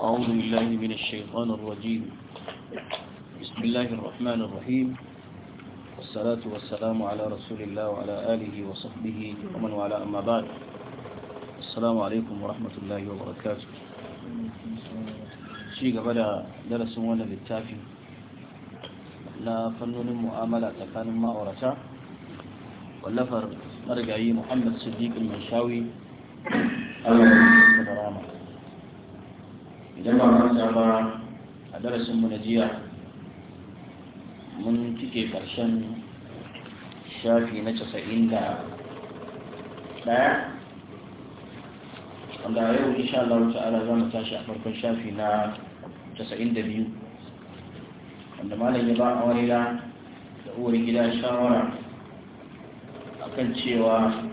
أعوذ بالله من الشيطان الرجيم بسم الله الرحمن الرحيم والصلاة والسلام على رسول الله وعلى آله وصحبه ومن وعلى أما بعد السلام عليكم ورحمة الله وبركاته شيء قبل درس وانا للتافي لا فنون المعاملة كان ما ورثا واللفر مرجعي محمد صديق المنشاوي أولا idan ba manta ba a darasin mu na jiya mun cike karshen shafi na casa'in da ɗaya wanda yau insha Allah ta'ala za mu tashi a farkon shafi na casa'in da biyu wanda malam ya ba a wani da uwar gida shawara A kan cewa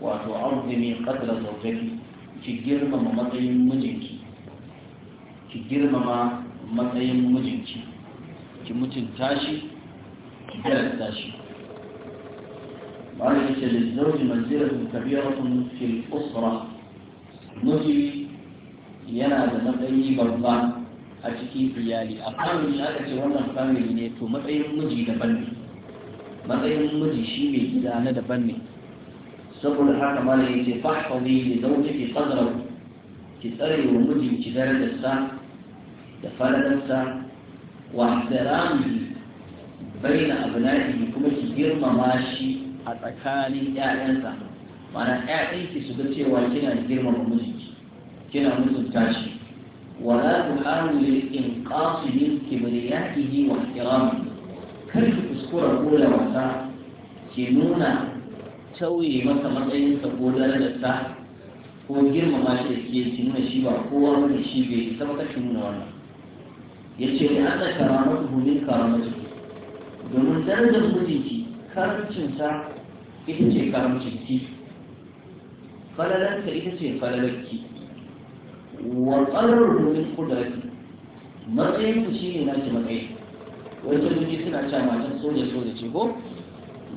wato arzumi kadra zaujaki ki girmama matsayin mijinki ki girmama matsayin mijinki ki mutunta shi ki darasta shi ma'ana yake lizauji manzilatun kabiratun fil usra miji yana da matsayi babba a cikin iyali a family aka ce wannan family ne to matsayin miji daban ne matsayin miji shi mai gida na daban ne saboda haka mala ya ce ne, da zaune ke kadara ki tsare wa mijinki darajarsa da bai wa abu baina abnaihi kuma ki girmama shi a tsakanin ƴaƴansa mana 'ya'yan su ga cewa kina girmama mijinki kina mutunta shi ولا تحاول إنقاص من كبريائه واحترامه كيف تذكر أولى وساعة كنونا توي مثلا مطعين تقول لنا الساعة ko ko girmama shi da ke ki nuna shi ba kowa wani shi bai ta kashin nuna wannan ya ce da ana karamar hulun karamci domin darajar mijinki karamcinsa ita ce karamcinki falalanta ita ce falalarki wa tsarar hulun kudurati matsayin ku shi ne na ki matsayi wata miji suna cewa matan soja soja ce ko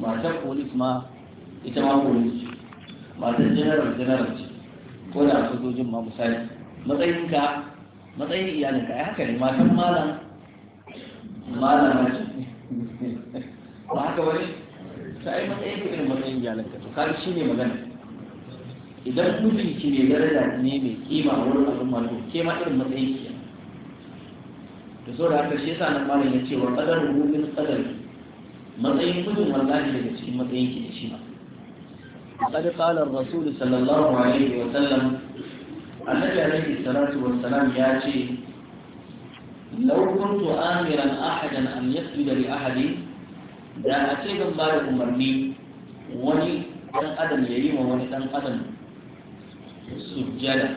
matan polis ma ita ma polis ce matan general general ce ko da sojojin ma misali matsayinka matsayin iyalinka ya haka ne matan malam malam ce ba haka wani ta yi matsayin ka irin matsayin iyalinka to kar shi ne magana idan ki ne daraja ne mai kima a wurin al'umma malam, ke ma irin matsayin ki da so da haka shi yasa na malam ya ce wa rubutun rubin qadar matsayin mutum wallahi daga cikin matsayin ki ne shi ma qad qala ar-rasul sallallahu alaihi wa sallam annabi alaihi salatu wassalam ya ce law kuntu amiran ahadan an yasjuda li ahadi da a ce zan ba da umarni wani dan adam ya yi wa wani dan adam sujjada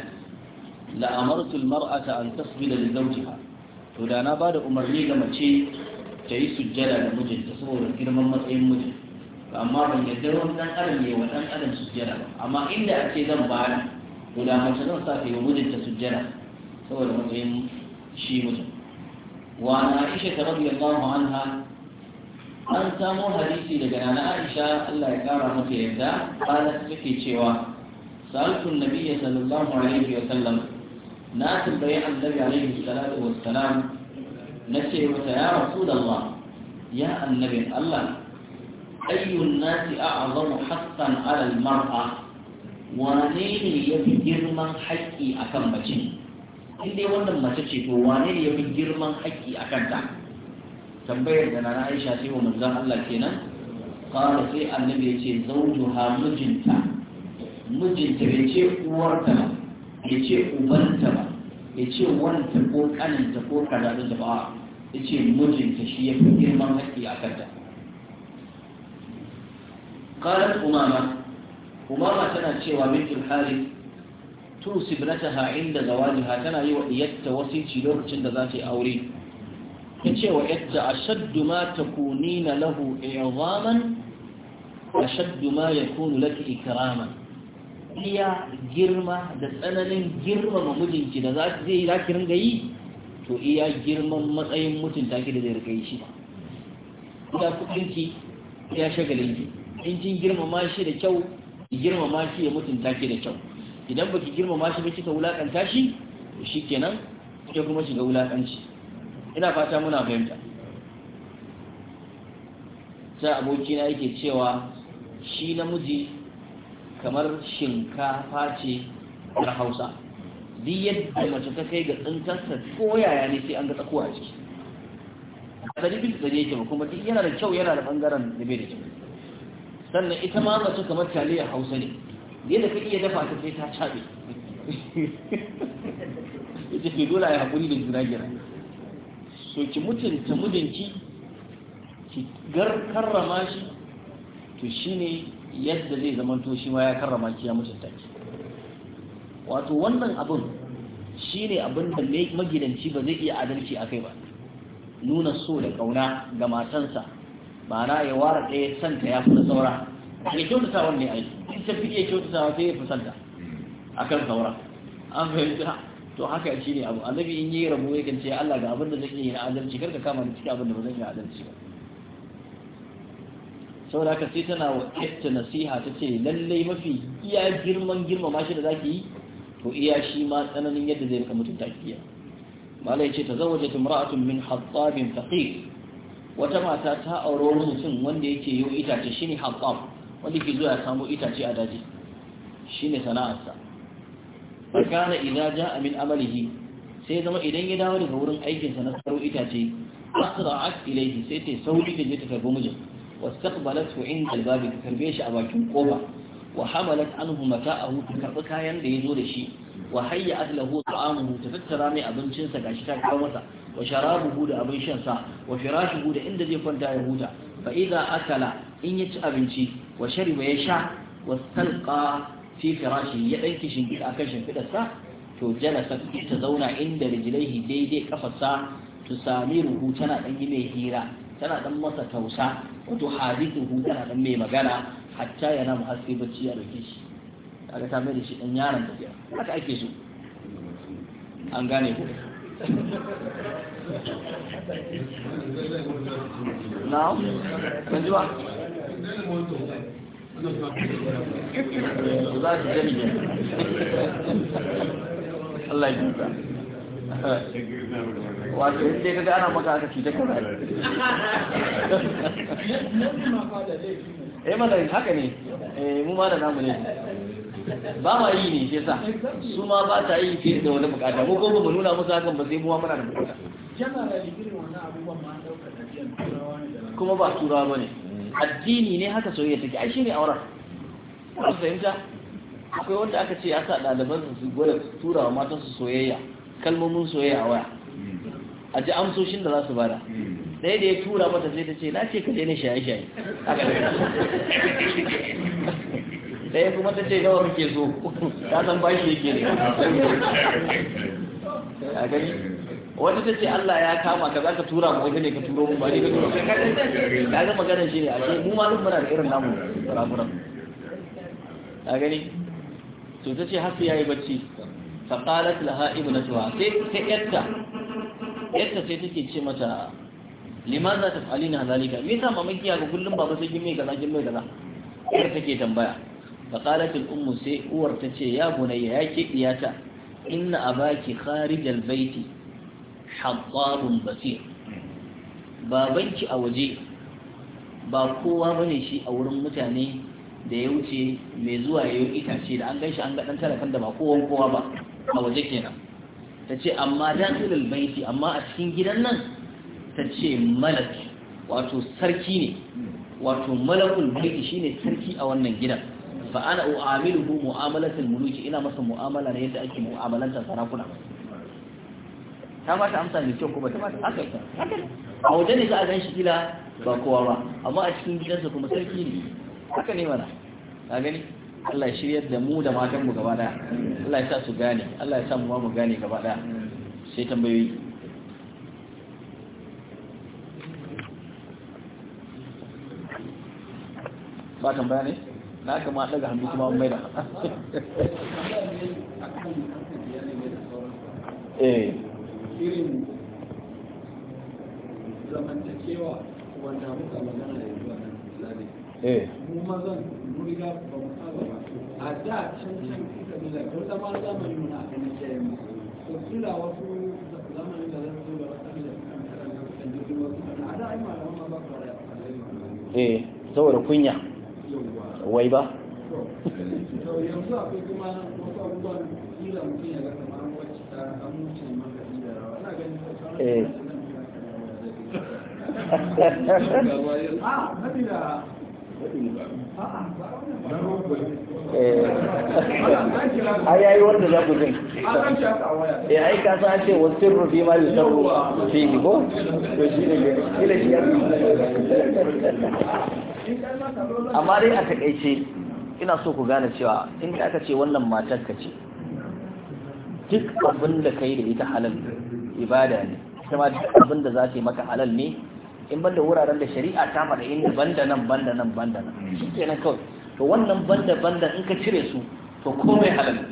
la amartu almar'ata an tasbida li zawjiha to da na bada umarni ga mace ta yi sujjada da mijinta saboda girman matsayin mijin amma ban yadda wani dan adam ya yi wa dan adam sujjada amma inda a ce zan ba Guda da mace zan sa ta yi mijinta sujjada saboda matsayin shi mutum wa na aisha ta rabu yallahu anha an samo hadisi daga nana aisha Allah ya kara mata yadda kana take cewa sa'altun nabiyya sallallahu alaihi wa sallam na tambayi annabi alaihi salatu wa salam na ce mata ya rasulullah ya annabi Allah ayyun nasi a'zamu haqqan 'ala al-mar'a wane ne ya fi girman haƙƙi a kan mace in dai wannan mace ce to wane ne ya fi girman haƙƙi a kanta tambayar da na aisha sai wa manzon Allah kenan qala sai annabi ya ce ha mijinta mijinta bai ce uwarta ba bai ce ubanta ba bai ce wanta ko kaninta ko kaza da ba ya ce mijinta shi ya fi girman haƙƙi a kanta قالت umama umama tana cewa mintul harith tusi ibnataha inda zawajiha tana yi wa iyatta wasici lokacin da za ta yi aure Ya ce wa yadda ashaddu ma takunina lahu i'zaman ashaddu ma yakunu laki ikraman iya girma da tsananin girma ma mijinki da za ki zai ki ringa yi to iya girman matsayin mutunta ki da zai rika yi shi ba iya kudinki iya shagalinki in girmama shi da kyau ki girmama shi ya mutunta ki da kyau idan baki girmama shi ba kika wulakanta shi to shikenan ke kuma shiga wulakanci ina fata muna fahimta sai abokina yake cewa shi namiji kamar shinkafa ce na hausa duk yadda mace ta kai ga tsintarsa ko yaya ne sai an ga tsakuwa ciki a tsari bin tsari yake ba kuma duk yana da kyau yana da bangaren da bai da kyau sannan ita ma mace kamar taliyar hausa ne yadda ka iya dafa ta sai ta cabe ita ke dole ya haƙuri da juna gira so ki mutunta mudanci, ki gar karrama shi to shi ne yadda zai zamanto shi ma ya karrama ki ya mutunta ki wato wannan abin shi ne abin da magidanci ba zai iya adalci a kai ba nuna so da ƙauna ga matansa ma'ana ya ware ɗaya san santa ya fi da saura ya kyautata wanne aiki in ta fi iya kyautata wa sai ya fi santa a kan saura an fahimta to haka shi ne abu annabi in yi rabu yakan ce Allah ga abin da zan yi na adalci kar ka kama ni cikin abin da ba zan yi adalci ba saboda haka sai tana wa ita nasiha ta ce lallai mafi iya girman girmama shi da zaki yi to iya shi ma tsananin yadda zai rika mutunta kiya malai ce ta tazawwajat imra'atun min hattabin faqih wata mata ta auro wani mutum wanda yake yi itace shine haqqam wanda ke zuwa samu itace a daji shine sana'arsa fa kana idza amalihi sai zama idan ya dawo daga wurin aikinsa na tsaro itace a a ilaihi sai ta sauri da ta karbi mijin wastaqbalatu inda albab ta karbe shi a bakin kofa wa hamalat anhu mata'ahu ta karbi kayan da ya zo da shi wa hayyat lahu ta'amuhu ta tattara mai abincinsa shi ta kawo masa wa sharabuhu da abin shan sa wa firashuhu da inda zai kwanta ya huta fa idza akala in ya ci abinci wa shariba ya sha wa salqa fi firashi ya dan kishin gida akan shimfidar sa to jalasa ta zauna inda rijlaihi daidai kafarsa to sami ruhu tana dan yi mai hira tana dan masa tausa wato hadithuhu tana dan mai magana hatta yana mu haske bacci ya dauke shi kaga ta mai da shi dan yaron da haka ake so an gane ku na ban ji ba za su jami Allah wato maka aka cuta kan rai eh mana haka ne eh mu ma da namu ne ba ma yi ne shi sa su ma ba ta yi fiye da wani bukata ko kuma mu nuna musu hakan ba sai mu muna da bukata kuma ba turawa ba ne addini ne haka soyayya take ai shine auren ku fahimta akwai wanda aka ce ya sa ɗaliban su gwada turawa wa matan su soyayya kalmomin soyayya a waya a ji amsoshin da za su bada ɗaya da ya tura mata sai ta ce na ce ka je ne shaye-shaye ɗaya kuma ta ce nawa kake so ta san bashi yake ne a gani wata ta ce Allah ya kama ka za ka tura mu wajen ne ka turo mu ba ne ka turo ka ga magana shi ne a ce mu ma duk muna da irin namu kurakuran a gani to ta ce hafi yayi bacci fa qalat laha ibnatuha sai ta yatta yatta sai take ce mata liman za ta na zalika me yasa mamaki ga kullum baba sai kin mai kaza kin mai kaza ita take tambaya فقالت الأم سي أور تتي يا بني يا كئياتا إن أباك خارج البيت حضار بصير babanki a waje ba kowa bane shi a wurin mutane da ya wuce mai zuwa ya yayin itace da an gan shi an ga dan talakan da ba kowan kowa ba a waje kenan ta ce amma dakilul baiti amma a cikin gidan nan ta ce malak wato sarki ne wato malakul baiti shine sarki a wannan gidan fa ana u'amiluhu mu'amalatul muluk ina masa mu'amala ne yadda ake mu'amalantar sarakuna ta ba ta amsa ne kyau ko ba ta ba ta aka ta a waje ne za a ganshi shi kila ba kowa ba amma a cikin gidansa kuma sarki ne haka ne mana ka gani Allah ya shiryar da mu da matan mu gaba daya Allah ya sa su gane Allah ya sa mu ma mu gane gaba daya sai tambayoyi ba tambaya ne na kama daga hannu kuma mai da eh irin zamantakewa wanda muka magana yanzu a eh mu mazan ba mu saba ba a da can can ko zamani kan mu to kila wasu zamani da zan zo da kan kan wasu ai ma ba da eh saboda kunya wai ba eh, eh. ai yayi wanda za ku zin eh ai ka sa ce wasu sirru fi ma yusarru fi ko to shi ne shi ya amma dai a takaice ina so ku gane cewa in ka aka ce wannan matar ka ce duk abin da kai da ita halal ibada ne kuma duk abin da za ta yi maka halal ne in banda wuraren da shari'a ta mara inda banda nan banda nan banda nan shi kenan kawai to wannan banda banda in ka cire su to komai halal ne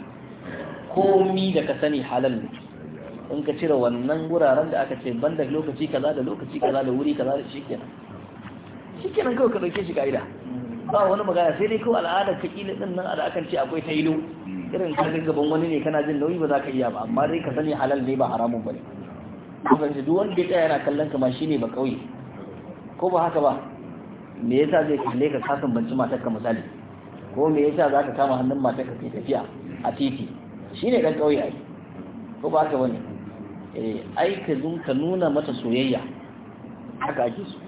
komi da ka sani halal ne in ka cire wannan wuraren da aka ce ban da lokaci kaza da lokaci kaza da wuri kaza da shikenan shikenan kawai ka dauke shi ka'ida ba wani magana sai dai kawai al'ada ta kila din nan da akan ce akwai tailo irin ka ga gaban wani ne kana jin nauyi ba za ka iya ba amma dai ka sani halal ne ba haramun bane kuma duk wanda ya tsaya yana kallon ka ma ne ba kauye ko ba haka ba me yasa zai kalle ka kasan banci matar ka misali ko me yasa za ka kama hannun mata ka kai tafiya a titi shi ne ɗan ƙauye ai ko ba ka wani eh, ai ka zo ka nuna mata soyayya haka ake so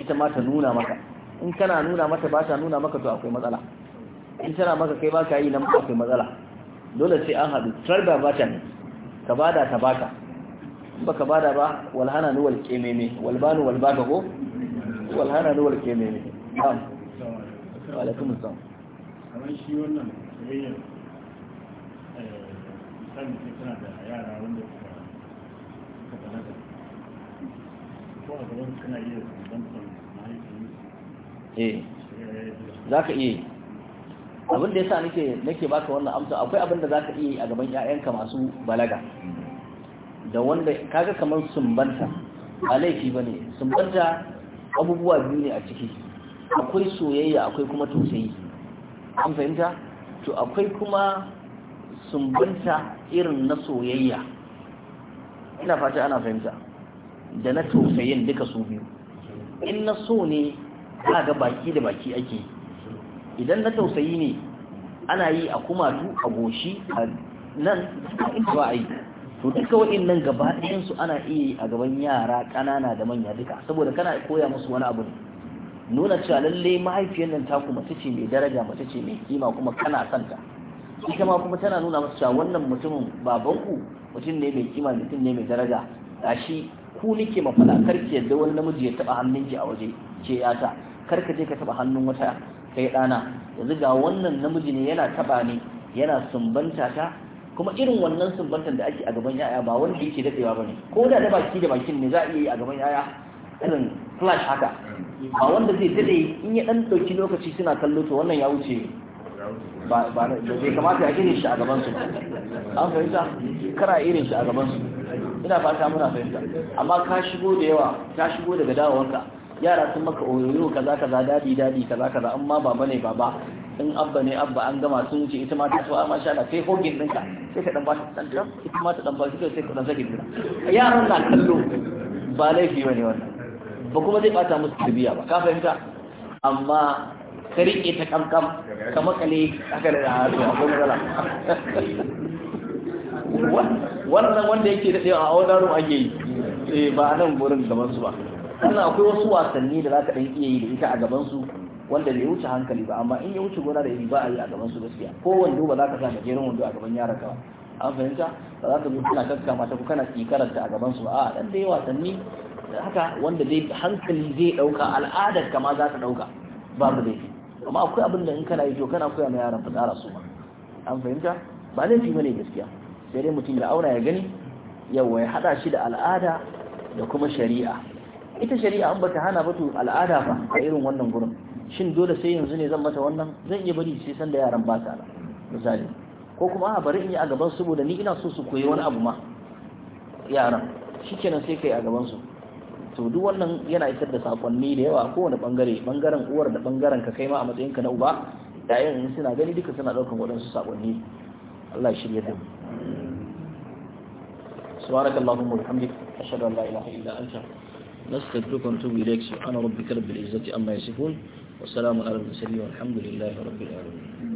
ita ma ta nuna maka in kana nuna mata ba ta nuna maka to akwai matsala in tana maka kai ba ka yi nan akwai matsala dole sai an haɗu tarba ba ta ne ka bada ta baka ba ka bada ba walhana ni wal walbanu walbaka ko walhana ni ƙememe. wa eh. ka iya abin da yasa nake nake baka wannan amsa akwai abin da zaka iya a gaban ƴaƴanka masu balaga da wanda kaga kamar sumbanta ba laifi bane sumbanta abubuwa biyu ne a ciki akwai soyayya akwai kuma tausayi an fahimta to akwai kuma sumbanta irin na soyayya ina fata ana fahimta da na tausayin duka su biyu in na so ne za ga baki da baki ake idan na tausayi ne ana yi a kumatu a goshi a nan ba a yi to duka waɗannan gaba ɗayansu ana iya yi a gaban yara ƙanana da manya duka saboda kana koya musu wani abu ne nuna cewa lalle mahaifiyar nan ta ku mace ce mai daraja mace ce mai kima kuma kana santa ita ma kuma tana nuna masa cewa wannan mutumin babanku mutum ne mai kima mutum ne mai daraja shi ku nike mafala kar yadda wani namiji ya taba hannunki a waje ce yata kar ka je ka taba hannun wata kai dana yanzu ga wannan namiji ne yana taba ni yana sumbanta ta kuma irin wannan sumbantan da ake a gaban yaya ba wanda yake dadewa bane ko da da baki da bakin ne za a iya yi a gaban yaya irin flash haka ba wanda zai dade in ya dan dauki lokaci suna kallo to wannan ya wuce ba zai kamata ya irin shi a gaban su an fahimta kara irin shi a gaban su ina fata muna fahimta amma ka shigo da yawa ka shigo daga dawowarka yara sun maka oyoyo kaza kaza dadi dadi kaza kaza amma baba ne baba in abba ne abba an gama sun wuce ita ma ta tsawa ah, ma sha kai hogin ɗinka sai ka dan ba ta dan ita ma ta dan ba shi sai ka dan sake dina yaran na kallo ba laifi ne wannan ba kuma zai bata musu tarbiya ba ka fahimta amma ka riƙe ta kamkam ka makale aka da hannu a kuma zala wannan wanda yake da a wani ruwa ake yi eh, ba a nan gurin gabansu ba sannan akwai wasu wasanni da za ka ɗan iya yi da ita a gabansu wanda bai wuce hankali ba amma in ya wuce gona da yi ba a yi a gabansu gaskiya ko wando ba za ka sa gajeren wando a gaban yaran ka an fahimta ba za ka zo kana kakkama ta ko kana tsikaranta a gabansu ba a ɗan da wasanni haka wanda dai hankali zai ɗauka al'adar kama za ta ɗauka babu dai amma akwai abin da in kana yi to kana koya ma yaran fitsara su ma an fahimta ba fi bane gaskiya sai dai mutum ya auna ya gani yawa ya haɗa shi da al'ada da kuma shari'a ita shari'a an bata hana ba to al'ada ba a irin wannan gurin shin dole sai yanzu ne zan mata wannan zan iya bari sai san da yaran ba ta misali ko kuma a bari in yi a gaban saboda ni ina so su koyi wani abu ma yaran shikenan sai kai a gaban su to duk wannan yana isar da sakonni da yawa kowane bangare bangaren uwar da bangaren ka kai ma a matsayin ka na uba da in suna gani duka suna daukan waɗansu sakonni Allah ya shirya da mu subhanakallahu wa bihamdik ashhadu an la ilaha illa anta nastaghfiruka wa natubu ilayk subhana rabbika rabbil izzati amma yasifun wa salamun ala al mursalin walhamdulillahi rabbil alamin